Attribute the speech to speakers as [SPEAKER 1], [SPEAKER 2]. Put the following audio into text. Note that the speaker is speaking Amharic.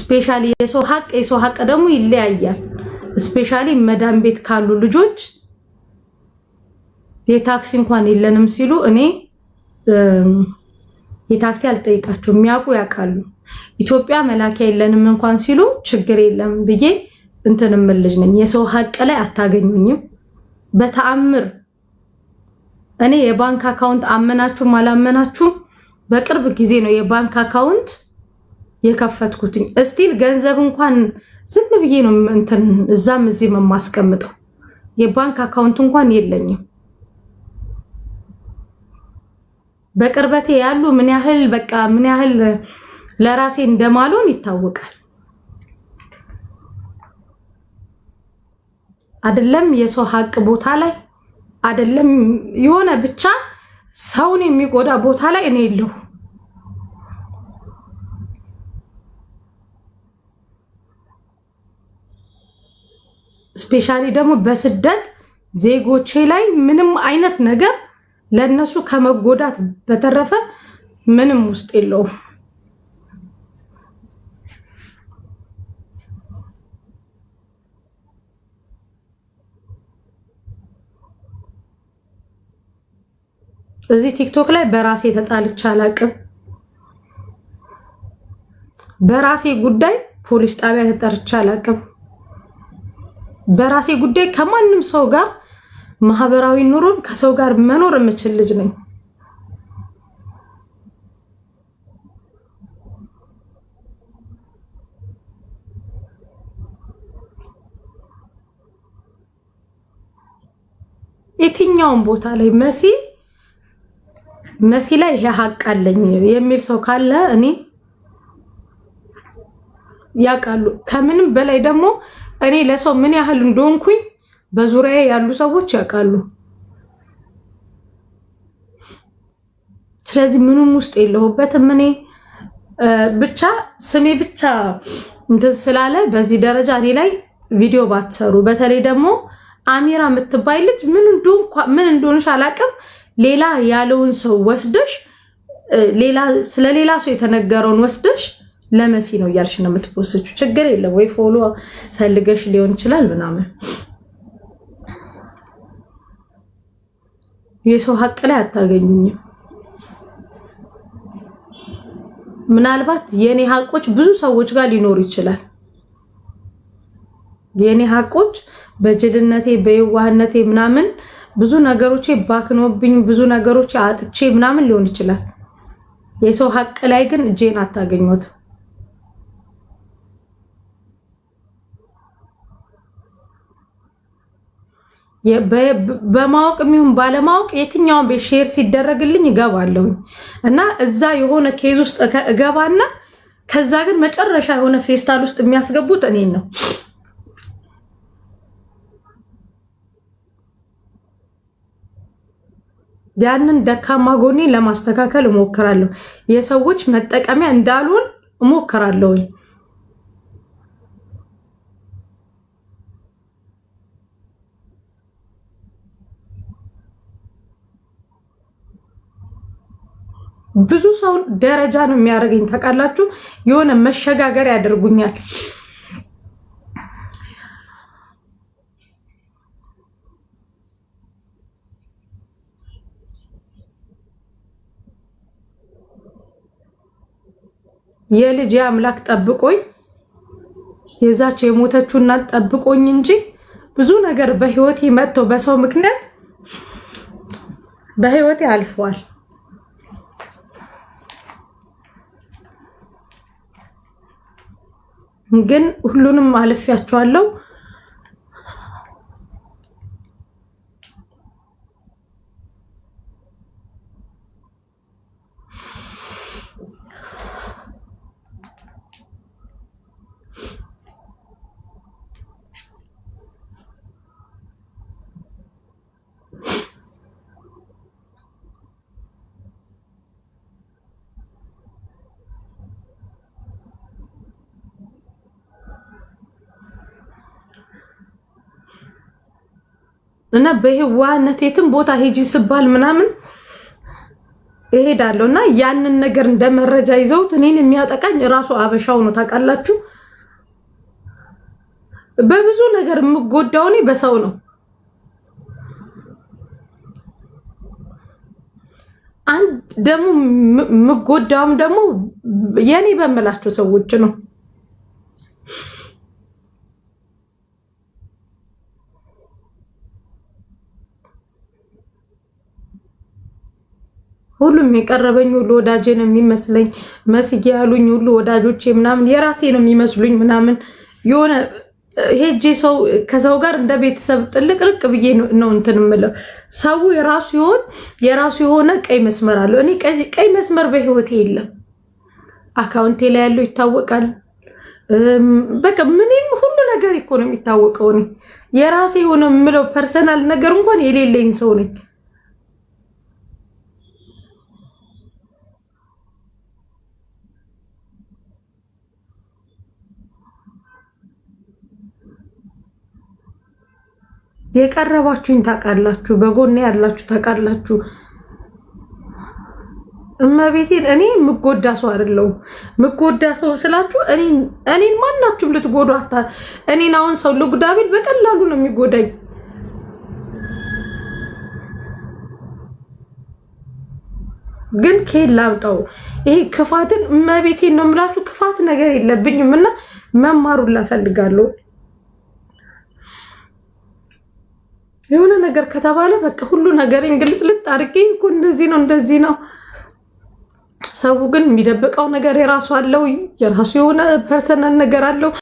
[SPEAKER 1] ስፔሻሊ የሰው ሀቅ የሰው ሀቅ ደግሞ ይለያያል። ስፔሻሊ መዳን ቤት ካሉ ልጆች የታክሲ እንኳን የለንም ሲሉ እኔ የታክሲ አልጠይቃቸው የሚያውቁ ያውቃሉ። ኢትዮጵያ መላኪያ የለንም እንኳን ሲሉ ችግር የለም ብዬ እንትን ልጅ ነኝ። የሰው ሀቅ ላይ አታገኙኝም በተአምር። እኔ የባንክ አካውንት አመናችሁም አላመናችሁም በቅርብ ጊዜ ነው የባንክ አካውንት የከፈትኩትኝ እስቲል ገንዘብ እንኳን ዝም ብዬ ነው እንትን እዛም እዚህ የማስቀምጠው። የባንክ አካውንት እንኳን የለኝም። በቅርበቴ ያሉ ምን ያህል በቃ ምን ያህል ለራሴ እንደማልሆን ይታወቃል። አይደለም የሰው ሀቅ ቦታ ላይ አይደለም የሆነ ብቻ ሰውን የሚጎዳ ቦታ ላይ እኔ የለሁም። ስፔሻሊ ደግሞ በስደት ዜጎቼ ላይ ምንም አይነት ነገር ለእነሱ ከመጎዳት በተረፈ ምንም ውስጥ የለውም። እዚህ ቲክቶክ ላይ በራሴ ተጣልቼ አላቅም። በራሴ ጉዳይ ፖሊስ ጣቢያ ተጠርቼ አላቅም። በራሴ ጉዳይ ከማንም ሰው ጋር ማህበራዊ ኑሮን ከሰው ጋር መኖር የምችል ልጅ ነኝ። የትኛውም ቦታ ላይ መሲ መሲ ላይ ይሄ ሀቅ አለኝ የሚል ሰው ካለ እኔ ያውቃሉ። ከምንም በላይ ደግሞ እኔ ለሰው ምን ያህል እንደሆንኩኝ በዙሪያ ያሉ ሰዎች ያውቃሉ። ስለዚህ ምንም ውስጥ የለሁበትም። እኔ ብቻ ስሜ ብቻ እንትን ስላለ በዚህ ደረጃ እኔ ላይ ቪዲዮ ባትሰሩ። በተለይ ደግሞ አሚራ የምትባይ ልጅ ምን እንደሆንሽ አላውቅም። ሌላ ያለውን ሰው ወስደሽ ሌላ ሰው የተነገረውን ወስደሽ ለመሲ ነው እያልሽ ነው የምትፖስቹ። ችግር የለም ወይ ፎሎ ፈልገሽ ሊሆን ይችላል ምናምን። የሰው ሀቅ ላይ አታገኙኝም። ምናልባት የኔ ሀቆች ብዙ ሰዎች ጋር ሊኖሩ ይችላል። የኔ ሀቆች በጅልነቴ በየዋህነቴ ምናምን ብዙ ነገሮቼ ባክኖብኝ ብዙ ነገሮቼ አጥቼ ምናምን ሊሆን ይችላል። የሰው ሀቅ ላይ ግን እጄን አታገኙትም። በማወቅ የሚሆን ባለማወቅ የትኛውን ቤት ሼር ሲደረግልኝ እገባለሁኝ እና እዛ የሆነ ኬዝ ውስጥ እገባና ከዛ ግን መጨረሻ የሆነ ፌስታል ውስጥ የሚያስገቡት እኔን ነው። ያንን ደካማ ጎኔ ለማስተካከል እሞክራለሁ። የሰዎች መጠቀሚያ እንዳልሆን እሞክራለሁኝ። ብዙ ሰውን ደረጃ ነው የሚያደርገኝ። ታውቃላችሁ፣ የሆነ መሸጋገር ያደርጉኛል። የልጅ አምላክ ጠብቆኝ የዛች የሞተችው እናት ጠብቆኝ እንጂ ብዙ ነገር በህይወቴ መጥቶ በሰው ምክንያት በህይወቴ አልፈዋል። ግን ሁሉንም አልፌያቸዋለሁ። እና በህዋነት የትም ቦታ ሄጂ ስባል ምናምን እሄዳለሁ እና ያንን ነገር እንደ መረጃ ይዘውት እኔን የሚያጠቃኝ እራሱ አበሻው ነው። ታውቃላችሁ፣ በብዙ ነገር የምጎዳው እኔ በሰው ነው። አንድ ደግሞ የምጎዳውም ደግሞ የኔ በምላቸው ሰዎች ነው። ሁሉም የቀረበኝ ሁሉ ወዳጄ ነው የሚመስለኝ። መስጌ ያሉኝ ሁሉ ወዳጆቼ ምናምን የራሴ ነው የሚመስሉኝ ምናምን የሆነ ሄጄ ሰው ከሰው ጋር እንደ ቤተሰብ ጥልቅልቅ ብዬ ነው እንትን ምለው። ሰው የራሱ ይሆን የራሱ የሆነ ቀይ መስመር አለው። እኔ ቀይ መስመር በህይወቴ የለም። አካውንቴ ላይ ያለው ይታወቃል። በቃ ምንም ሁሉ ነገር እኮ ነው የሚታወቀው። እኔ የራሴ የሆነ የምለው ፐርሰናል ነገር እንኳን የሌለኝ ሰው ነኝ። የቀረባችሁኝ ታውቃላችሁ፣ በጎኔ ያላችሁ ታውቃላችሁ። እመቤቴን እኔ ምጎዳ ሰው አይደለሁም። ምጎዳ ሰው ስላችሁ እኔን ማናችሁም ልትጎዱ አታ እኔን አሁን ሰው ልጉዳ ቢል በቀላሉ ነው የሚጎዳኝ። ግን ከየት ላምጣው? ይሄ ክፋትን እመቤቴን ነው የምላችሁ። ክፋት ነገር የለብኝም እና መማሩን ላፈልጋለሁ። የሆነ ነገር ከተባለ በቃ ሁሉ ነገር እንግልጥልጥ አድርጌ እኮ እንደዚህ ነው እንደዚህ ነው። ሰው ግን የሚደብቀው ነገር የራሱ አለው። የራሱ የሆነ ፐርሰናል ነገር አለው።